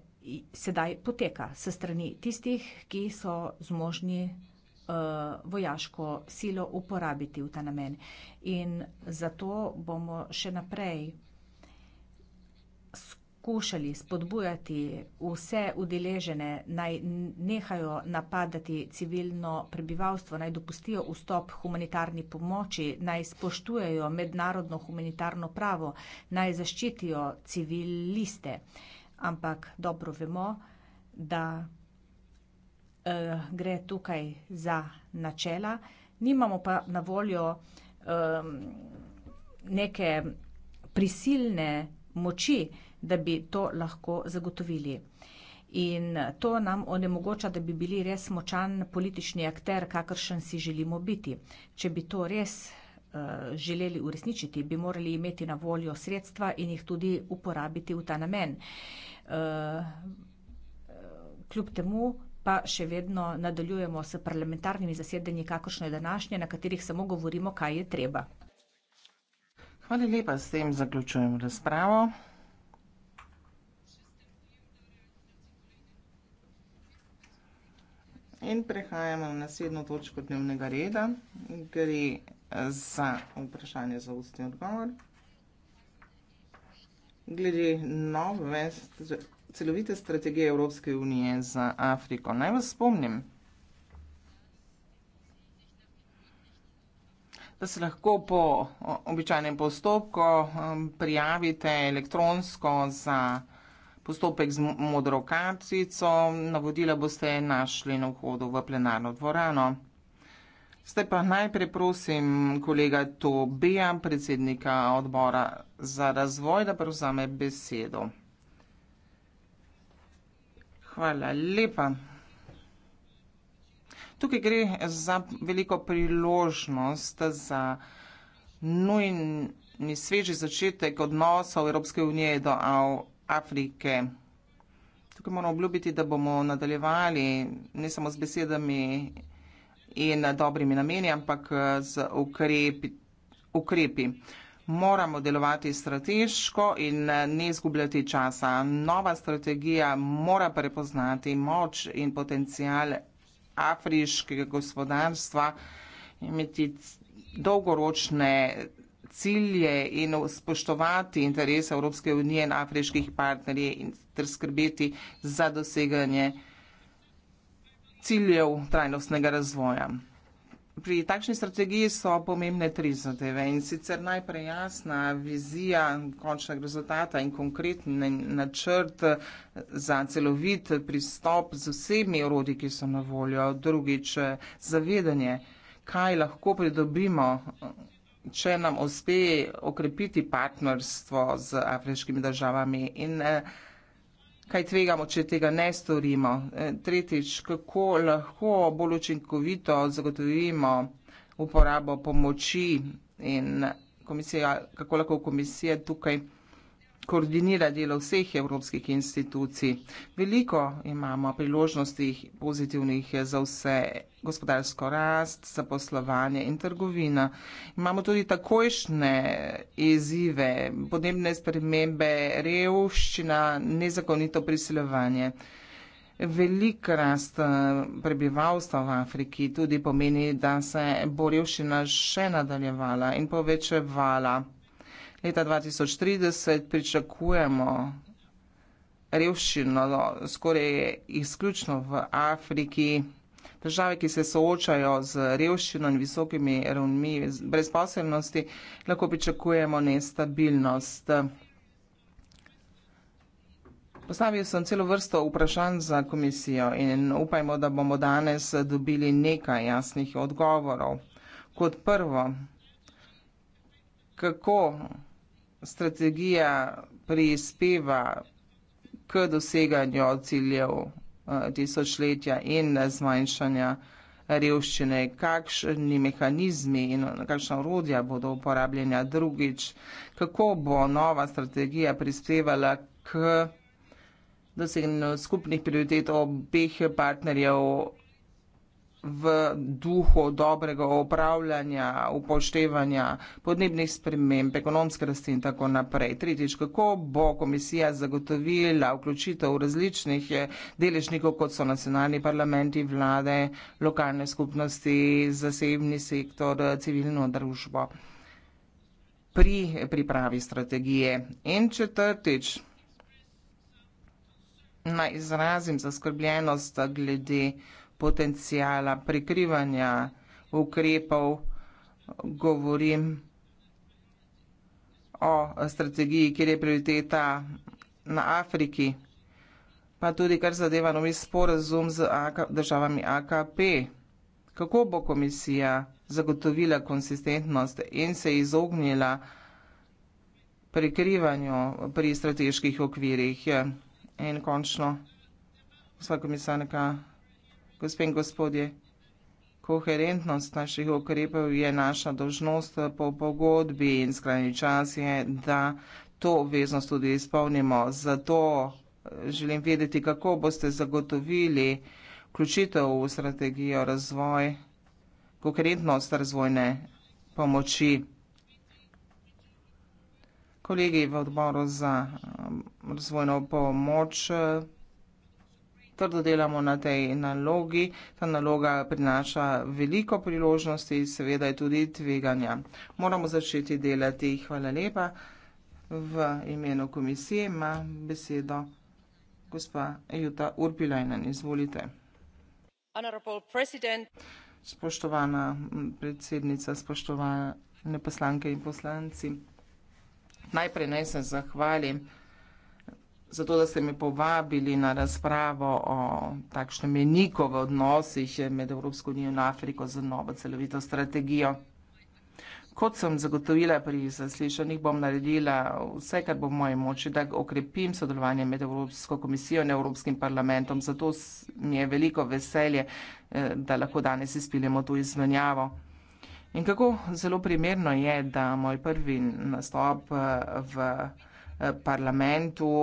sedaj poteka s strani tistih, ki so zmožni uh, vojaško silo uporabiti v ta namen. In zato bomo še naprej skušali spodbujati vse udeležene, naj nehajo napadati civilno prebivalstvo, naj dopustijo vstop humanitarni pomoči, naj spoštujejo mednarodno humanitarno pravo, naj zaščitijo civiliste. Ampak dobro vemo, da Eh, gre tukaj za načela, nimamo pa na voljo neke prisilne moči, da bi to lahko zagotovili. In to nam onemogoča, da bi bili res močan politični akter, kakršen si želimo biti. Če bi to res eh, želeli uresničiti, bi morali imeti na voljo sredstva in jih tudi uporabiti v ta namen. Eh, kljub temu pa še vedno nadaljujemo s parlamentarnimi zasedanji, kakršno je današnje, na katerih samo govorimo, kaj je treba. Hvala lepa, s tem zaključujem razpravo. In prehajamo na naslednjo točko dnevnega reda. Gre za vprašanje za ustni odgovor. Glede nove celovite strategije Evropske unije za Afriko. Naj vas spomnim, da se lahko po običajnem postopku um, prijavite elektronsko za postopek z modro kartico. Navodila boste našli na vhodu v plenarno dvorano. Zdaj pa najprej prosim kolega Tobija, predsednika odbora za razvoj, da prevzame besedo. Hvala lepa. Tukaj gre za veliko priložnost za nujni sveži začetek odnosov Evropske unije do Afrike. Tukaj moramo obljubiti, da bomo nadaljevali ne samo z besedami in dobrimi nameni, ampak z ukrepi. ukrepi moramo delovati strateško in eh, ne izgubljati časa. Nova strategija mora prepoznati moč in potencijal afriškega gospodarstva, imeti dolgoročne cilje in spoštovati interese Evropske unije in afriških partnerjev in ter skrbeti za doseganje ciljev trajnostnega razvoja pri takšni strategiji so pomembne tri zadeve in sicer najprej jasna vizija končnega rezultata in konkretni načrt za celovit pristop z vsemi orodji, ki so na voljo. Drugič, zavedanje, kaj lahko pridobimo, če nam uspe okrepiti partnerstvo z afriškimi državami. In, eh, kaj tvegamo, če tega ne storimo. E, tretjič, kako lahko bolj učinkovito zagotovimo uporabo pomoči in komisija, kako lahko komisija tukaj koordinira delo vseh evropskih institucij. Veliko imamo priložnosti pozitivnih za vse gospodarsko rast, zaposlovanje in trgovina. Imamo tudi takojšnje izzive, podnebne spremembe, revščina, nezakonito priseljevanje. Velika rast eh, prebivalstva v Afriki tudi pomeni, da se bo revščina še nadaljevala in povečevala leta 2030 pričakujemo revščino no, skoraj izključno v Afriki. Države, ki se soočajo z revščino in visokimi ravnmi brezposobnosti, lahko pričakujemo nestabilnost. Postavil sem celo vrsto vprašanj za komisijo in upajmo, da bomo danes dobili nekaj jasnih odgovorov. Kot prvo, kako strategija prispeva k doseganju ciljev eh, tisočletja in zmanjšanja revščine, kakšni mehanizmi in kakšna urodja bodo uporabljena drugič, kako bo nova strategija prispevala k doseganju skupnih prioritet obeh partnerjev v duhu dobrega upravljanja, upoštevanja podnebnih sprememb, ekonomske rasti in tako naprej. Tretjič, kako bo komisija zagotovila vključitev različnih deležnikov, kot so nacionalni parlamenti, vlade, lokalne skupnosti, zasebni sektor, civilno družbo pri pripravi strategije. In četrtič, naj izrazim zaskrbljenost glede potencijala prikrivanja ukrepov, govorim o strategiji, kjer je prioriteta na Afriki, pa tudi kar zadeva novi sporazum z državami AKP. Kako bo komisija zagotovila konsistentnost in se izognila prikrivanju pri strateških okvirih? In končno, gospod komisarka, gospe in gospodje. Koherentnost naših ukrepov je naša dožnost po pogodbi in skrajni čas je, da to obveznost tudi izpolnimo. Zato eh, želim vedeti, kako boste zagotovili vključitev v strategijo razvoj, koherentnost razvojne pomoči. Kolegi v odboru za eh, razvojno pomoč. Eh, trdo delamo na tej nalogi. Ta naloga prinaša veliko priložnosti, seveda je tudi tveganja. Moramo začeti delati. Hvala lepa. V imenu komisije ima besedo gospa Juta Urpilajnen. Izvolite. Spoštovana predsednica, spoštovane poslanke in poslanci, najprej naj se zahvalim zato da ste me povabili na razpravo o takšnem meniku v odnosih med Evropsko unijo in Afriko za novo celovito strategijo. Kot sem zagotovila pri zaslišanjih, bom naredila vse, kar bo v moji moči, da okrepim sodelovanje med Evropsko komisijo in Evropskim parlamentom. Zato mi je veliko veselje, eh, da lahko danes izpiljemo to izmenjavo. In kako zelo primerno je, da moj prvi nastop eh, v eh, parlamentu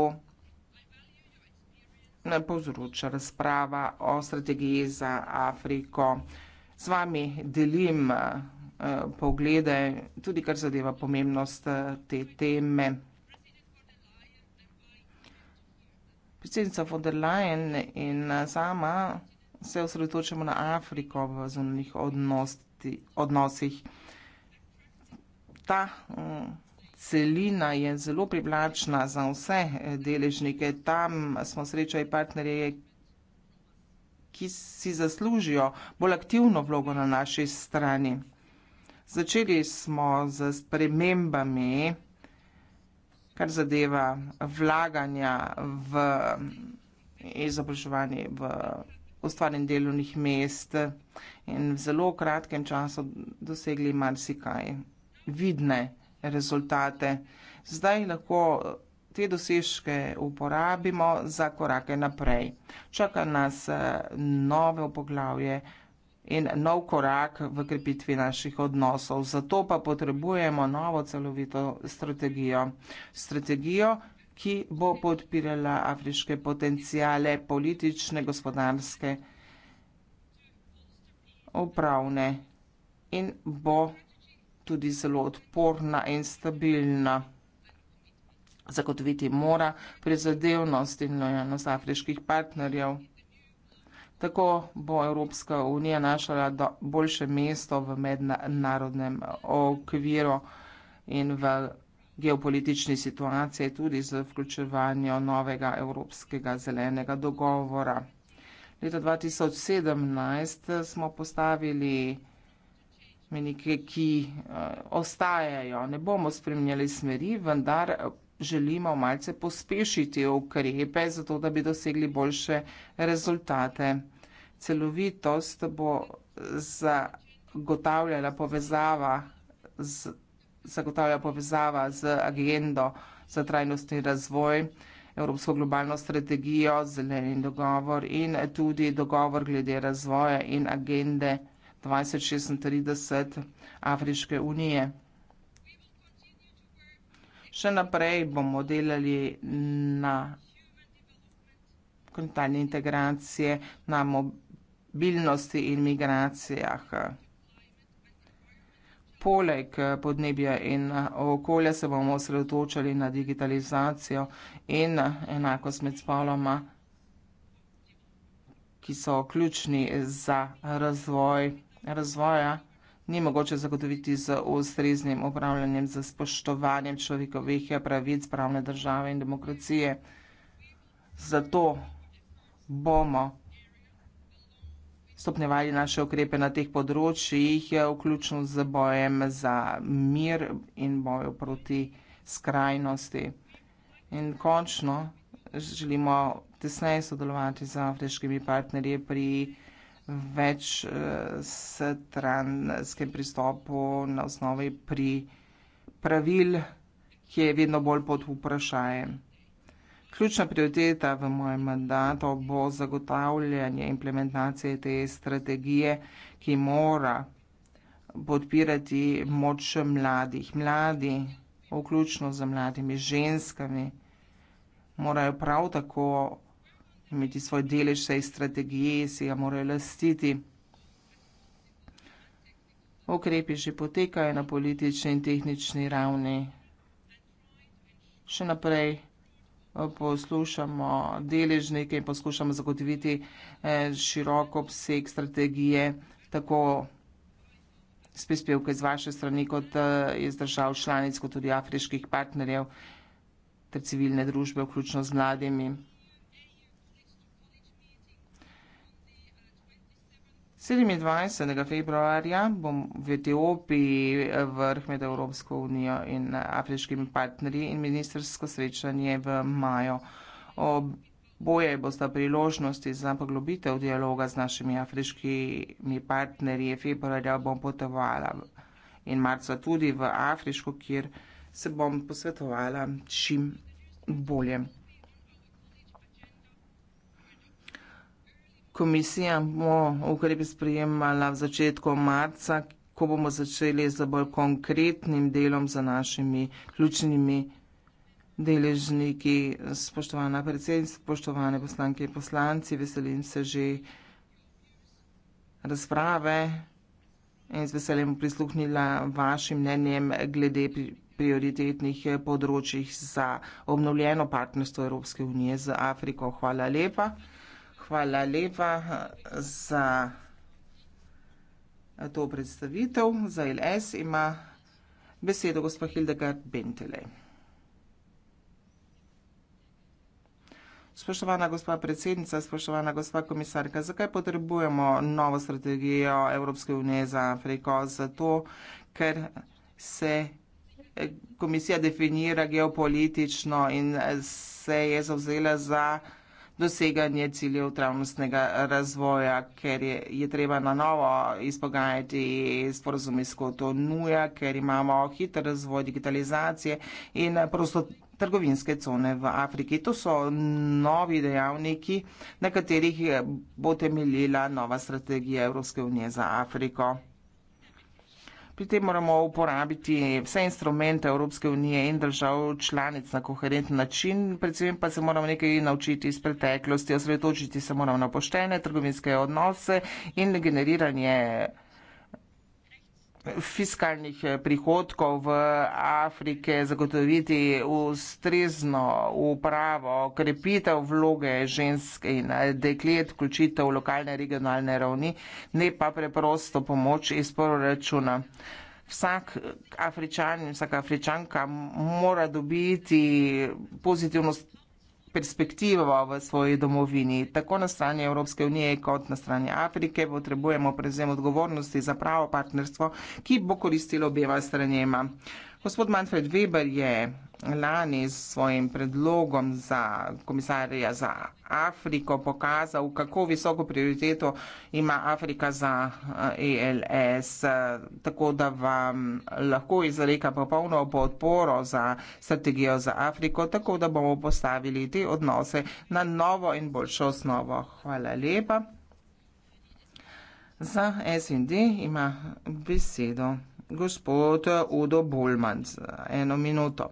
povzroča razprava o strategiji za Afriko. Z vami delim eh, poglede, tudi kar zadeva pomembnost eh, te teme. Predsednica von der Leyen in eh, sama se osredotočamo na Afriko v zunanjih odnosih. Ta mm, celina je zelo privlačna za vse eh, deležnike. Tam smo srečali partnerje, ki si zaslužijo bolj aktivno vlogo na naši strani. Začeli smo z premembami, kar zadeva vlaganja v eh, izobraževanje, v ustvarjanje delovnih mest in v zelo kratkem času dosegli marsikaj vidne rezultate. Zdaj lahko eh, te dosežke uporabimo za korake naprej. Čaka nas eh, nove poglavje in nov korak v krepitvi naših odnosov. Zato pa potrebujemo novo celovito strategijo. Strategijo, ki bo podpirala afriške potencijale politične, gospodarske, upravne in bo tudi zelo odporna in stabilna. Zagotoviti mora prizadevnost in lojalnost afriških partnerjev. Tako bo Evropska unija našla boljše mesto v mednarodnem okviru in v geopolitični situaciji tudi z vključevanjem novega Evropskega zelenega dogovora. Leta 2017 smo postavili menike, ki eh, ostajajo. Ne bomo spremljali smeri, vendar želimo malce pospešiti ukrepe, zato da bi dosegli boljše rezultate. Celovitost bo zagotavljala povezava z, zagotavlja povezava z agendo za trajnostni razvoj, Evropsko globalno strategijo, zeleni dogovor in tudi dogovor glede razvoja in agende 2036 Afriške unije. Še naprej bomo delali na kontinentalne integracije, na mobilnosti in migracijah. Poleg podnebja in okolja se bomo osredotočali na digitalizacijo in enakost med spoloma, ki so ključni za razvoj razvoja ni mogoče zagotoviti z ustreznim upravljanjem, z spoštovanjem človekovih pravic, pravne države in demokracije. Zato bomo stopnjevali naše ukrepe na teh področjih, vključno z bojem za mir in bojo proti skrajnosti. In končno želimo tesneje sodelovati z afriškimi partnerji pri vsega, več eh, stranskem pristopu na osnovi pri pravil, ki je vedno bolj pod vprašajem. Ključna prioriteta v mojem mandatu bo zagotavljanje implementacije te strategije, ki mora podpirati moč mladih. Mladi, vključno z mladimi ženskami, morajo prav tako imeti svoj delež vsej strategiji, si ga morajo lastiti. Okrepi že potekajo na politični in tehnični ravni. Še naprej eh, poslušamo deležnike in poskušamo zagotoviti eh, širok obseg strategije, tako s prispevke z vaše strani, kot je eh, zdržal članic, kot tudi afriških partnerjev ter civilne družbe, vključno z mladimi. 27. februarja bom v Etiopiji vrh med Evropsko unijo in afriškimi partnerji in ministersko srečanje v maju. Boje bosta priložnosti za poglobitev dialoga z našimi afriškimi partnerji. Februarja bom potovala in marca tudi v Afriško, kjer se bom posvetovala čim bolje. Komisija bo ukrepe sprejemala v začetku marca, ko bomo začeli z bolj konkretnim delom za našimi ključnimi deležniki. Spoštovana predsednica, spoštovane poslanke in poslanci, veselim se že razprave in z veseljem prisluhnila vašim mnenjem glede prioritetnih področjih za obnovljeno partnerstvo Evropske unije z Afriko. Hvala lepa hvala lepa eh, za eh, to predstavitev. Za LS ima besedo gospa Hildegard Bentele. Spoštovana gospa predsednica, spoštovana gospa komisarka, zakaj potrebujemo novo strategijo Evropske unije za Afriko? Zato, ker se eh, komisija definira geopolitično in se je zavzela za doseganje ciljev trajnostnega razvoja, ker je, je treba na novo izpogajati sporozum iz Kotonuja, ker imamo hiter razvoj digitalizacije in prosto trgovinske cone v Afriki. To so novi dejavniki, na katerih bo temeljila nova strategija Evropske unije za Afriko. Pri tem moramo uporabiti vse instrumente Evropske unije in držav članic na koherenten način, predvsem pa se moramo nekaj naučiti iz preteklosti, osredotočiti se moramo na poštene trgovinske odnose in generiranje fiskalnih eh, prihodkov v Afrike, zagotoviti ustrezno upravo, krepitev vloge žensk in eh, deklet, vključitev lokalne regionalne ravni, ne pa preprosto pomoč iz proračuna. Vsak eh, afričan in vsaka afričanka mora dobiti pozitivnost perspektivo v svoji domovini, tako na strani Evropske unije, kot na strani Afrike, potrebujemo prevzem odgovornosti za pravo partnerstvo, ki bo koristilo obema stranjema. Gospod Manfred Weber je lani s svojim predlogom za komisarja za Afriko pokazal, kako visoko prioriteto ima Afrika za ELS, eh, e tako da vam lahko izreka popolno podporo za strategijo za Afriko, tako da bomo postavili te odnose na novo in boljšo osnovo. Hvala lepa. Za SND ima besedo gospod Udo Bulman za eno minuto.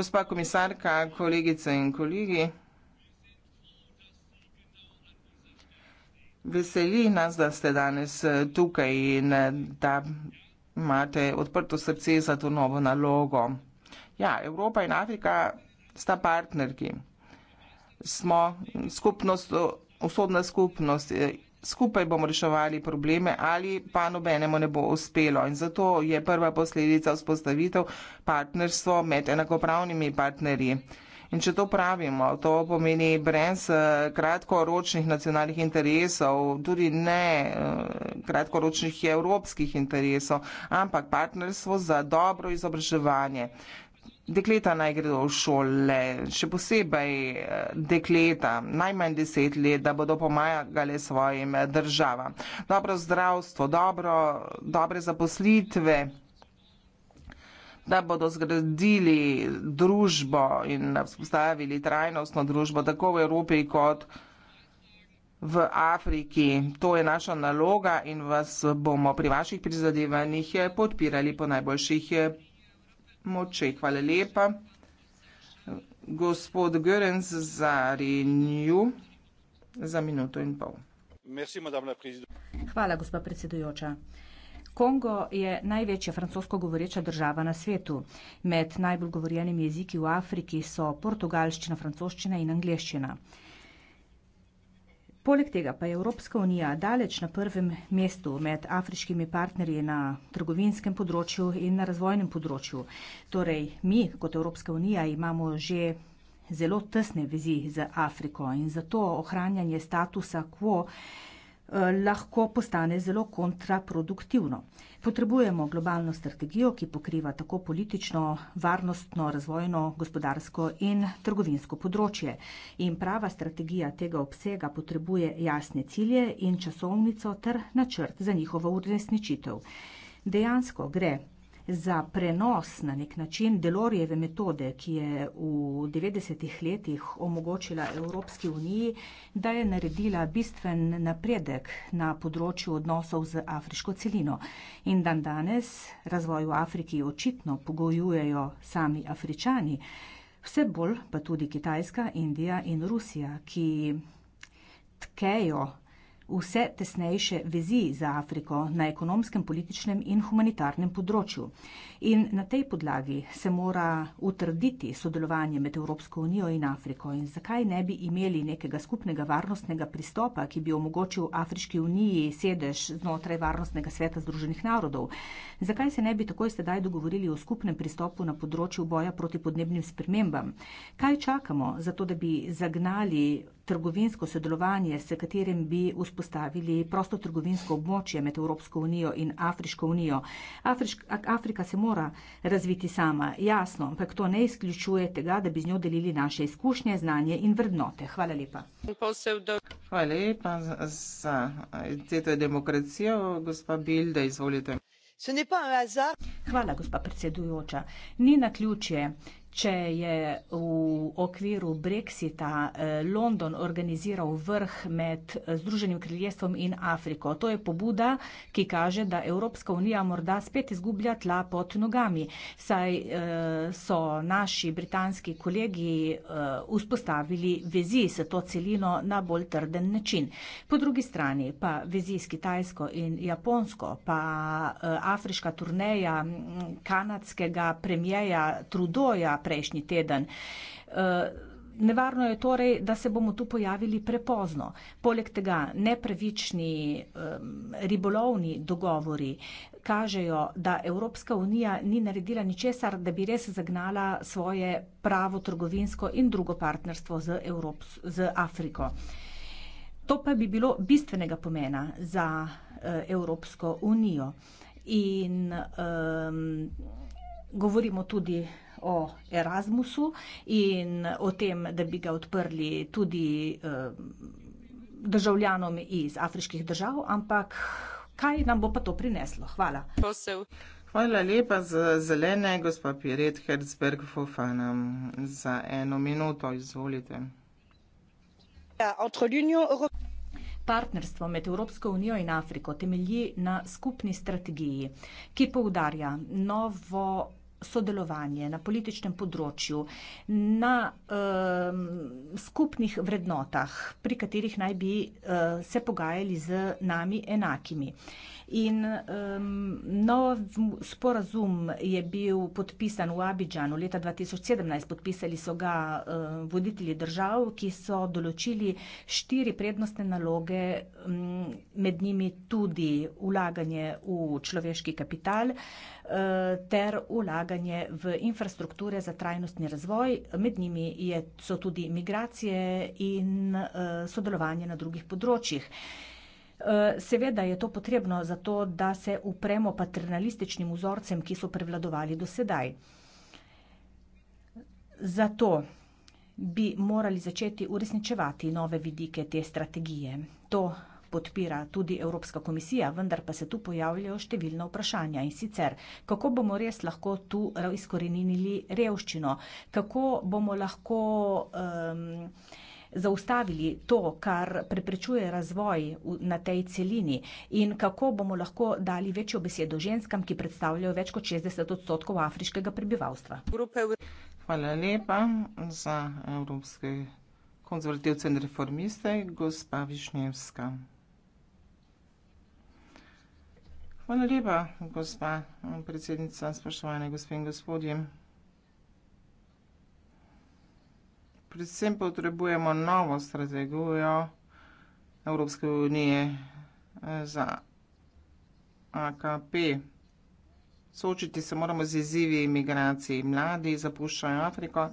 Gospa komisarka, kolegice in kolegi, veseli nas, da ste danes eh, tukaj in eh, da imate odprto srce za to novo nalogo. Ja, Evropa in Afrika sta partnerki. Smo skupnost, eh, usodna skupnost skupaj bomo reševali probleme ali pa nobenemu ne bo uspelo. In zato je prva posledica vzpostavitev partnerstva med enakopravnimi partnerji. In če to pravimo, to pomeni brez eh, kratkoročnih nacionalnih interesov, tudi ne eh, kratkoročnih evropskih interesov, ampak partnerstvo za dobro izobraževanje dekleta naj gredo v šole, še posebej eh, dekleta, najmanj deset let, da bodo pomagali svojim državam. Dobro zdravstvo, dobro, dobre zaposlitve, da bodo zgradili družbo in vzpostavili trajnostno družbo tako v Evropi kot v Afriki. To je naša naloga in vas bomo pri vaših prizadevanjih eh, podpirali po najboljših eh, moče. Hvala lepa. Gospod Görens za Renju za minuto in pol. Hvala, gospa predsedujoča. Kongo je največja francosko govoreča država na svetu. Med najbolj govorjenimi jeziki v Afriki so portugalščina, francoščina in angliščina. Poleg tega pa je Evropska unija daleč na prvem mestu med afriškimi partnerji na trgovinskem področju in na razvojnem področju. Torej, mi kot Evropska unija imamo že zelo tesne vezi z Afriko in zato ohranjanje statusa quo Eh, lahko postane zelo kontraproduktivno. Potrebujemo globalno strategijo, ki pokriva tako politično, varnostno, razvojno, gospodarsko in trgovinsko področje. In prava strategija tega obsega potrebuje jasne cilje in časovnico ter načrt za njihovo uresničitev. Dejansko gre za prenos na nek način Delorijeve metode, ki je v 90-ih letih omogočila Evropski uniji, da je naredila bistven napredek na področju odnosov z afriško celino. In dan danes razvoj v Afriki očitno pogojujejo sami afričani, vse bolj pa tudi Kitajska, Indija in Rusija, ki tkejo vse tesnejše vezi z Afriko na ekonomskem, političnem in humanitarnem področju in na tej podlagi se mora utrditi sodelovanje med Evropsko unijo in Afriko. In zakaj ne bi imeli nekega skupnega varnostnega pristopa, ki bi omogočil Afriški uniji sedež znotraj Varnostnega sveta Združenih narodov? Zakaj se ne bi takoj sedaj dogovorili o skupnem pristopu na področju boja proti podnebnim spremembam? Kaj čakamo za to, da bi zagnali trgovinsko sodelovanje, s katerim bi vzpostavili prostotrgovinsko območje med Evropsko unijo in Afriško unijo? Afriška, Afrika se mora mora razviti sama, jasno, ampak to ne izključuje tega, da bi z njo delili naše izkušnje, znanje in vrednote. Hvala lepa. Hvala lepa za to demokracijo, gospa Bilde, izvolite. Hvala, gospa predsedujoča. Ni na ključje. Če je v okviru Brexita eh, London organiziral vrh med eh, Združenim kraljestvom in Afriko, to je pobuda, ki kaže, da Evropska unija morda spet izgublja tla pod nogami. Saj eh, so naši britanski kolegi vzpostavili vezi s to celino na bolj trden način. Po drugi strani pa vezi s Kitajsko in Japonsko, pa afriška turneja kanadskega premijeja Trudoja, prejšnji teden. Eh, nevarno je torej, da se bomo tu pojavili prepozno. Poleg tega nepravični ribolovni dogovori kažejo, da Evropska unija ni naredila ničesar, da bi res zagnala svoje pravo trgovinsko in drugo partnerstvo z, Evrop, z Afriko. To pa bi bilo bistvenega pomena za eh, Evropsko unijo. In um, govorimo tudi o Erasmusu in o tem, da bi ga odprli tudi eh, državljanom iz afriških držav, ampak kaj nam bo pa to prineslo? Hvala. Posel. Hvala lepa za zelene, gospa Piret Herzberg Fofana. Za eno minuto izvolite. Ja, Partnerstvo med Evropsko unijo in Afriko temelji na skupni strategiji, ki poudarja novo sodelovanje na političnem področju, na um, skupnih vrednotah, pri katerih naj bi uh, se pogajali z nami enakimi. Uh, In um, nov sporazum je bil podpisan v Abidžanu leta 2017. Podpisali so ga um, voditelji držav, ki so določili štiri prednostne naloge, um, med njimi tudi ulaganje v človeški kapital uh, ter ulaganje v infrastrukture za trajnostni razvoj. Med njimi je, so tudi migracije in uh, sodelovanje na drugih področjih. Uh, Eh, seveda je to potrebno zato, da se upremo paternalističnim vzorcem, ki so prevladovali do sedaj. Zato bi morali začeti uresničevati nove vidike te strategije. To podpira tudi Evropska komisija, vendar pa se tu pojavljajo številna vprašanja in sicer, kako bomo res lahko tu izkoreninili revščino, kako bomo lahko. Um, zaustavili to, kar preprečuje razvoj v, na tej celini in kako bomo lahko dali večjo besedo ženskam, ki predstavljajo več kot 60 odstotkov afriškega prebivalstva. Hvala lepa za evropske konzervativce in reformiste, gospa Višnjevska. Hvala lepa, gospa predsednica, spoštovane gospe in gospodje. predvsem potrebujemo novo strategijo Evropske unije eh, za AKP. Soočiti se moramo z izzivi imigracij. Mladi zapuščajo Afriko,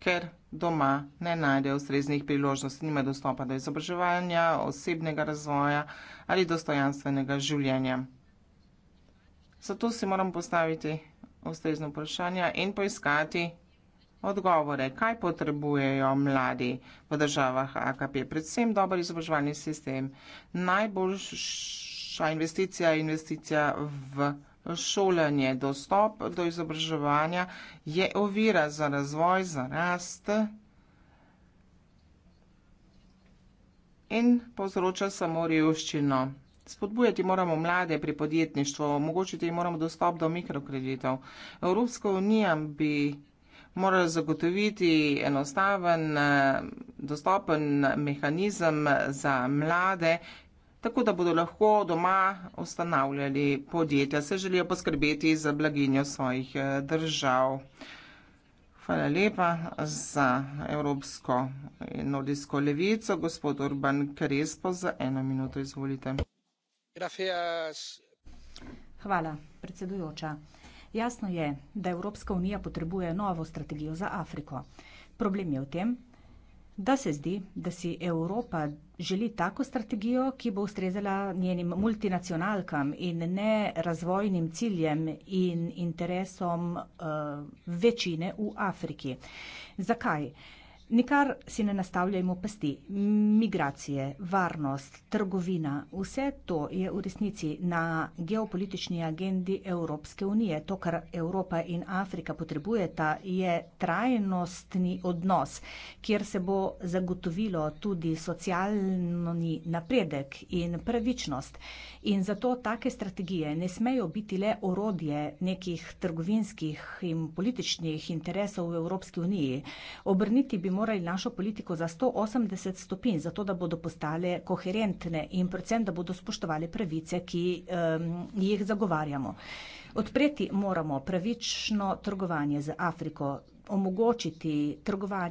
ker doma ne najdejo ustreznih priložnosti, nimajo dostopa do izobraževanja, osebnega razvoja ali dostojanstvenega življenja. Zato si moramo postaviti ustrezno vprašanje in poiskati odgovore, kaj potrebujejo mladi v državah AKP. Predvsem dober izobraževalni sistem, najboljša investicija je investicija v šolanje. Dostop do izobraževanja je ovira za razvoj, za rast. In povzroča samo revščino. Spodbujati moramo mlade pri podjetništvu, omogočiti jim moramo dostop do mikrokreditov. Evropska unija bi morali zagotoviti enostaven, eh, dostopen mehanizem za mlade, tako da bodo lahko doma ustanavljali podjetja, se želijo poskrbeti za blaginjo svojih eh, držav. Hvala lepa za evropsko in nordijsko levico, gospod Urban Krespo, za eno minuto izvolite. Hvala, predsedujoča. Jasno je, da Evropska unija potrebuje novo strategijo za Afriko. Problem je v tem, da se zdi, da si Evropa želi tako strategijo, ki bo ustrezala njenim multinacionalkam in ne razvojnim ciljem in interesom uh, večine v Afriki. Zakaj? Uh, Nikar si ne nastavljajmo pasti. Migracije, varnost, trgovina, vse to je v resnici na geopolitični agendi Evropske unije. To, kar Evropa in Afrika potrebujeta, je trajnostni odnos, kjer se bo zagotovilo tudi socialni napredek in pravičnost. In zato take strategije ne smejo biti le orodje nekih trgovinskih in političnih interesov v Evropski uniji. Obrniti bi morali morali našo politiko za 180 stopinj, zato da bodo postale koherentne in predvsem, da bodo spoštovali pravice, ki um, jih zagovarjamo. Odpreti moramo pravično trgovanje z Afriko, omogočiti trgovanje.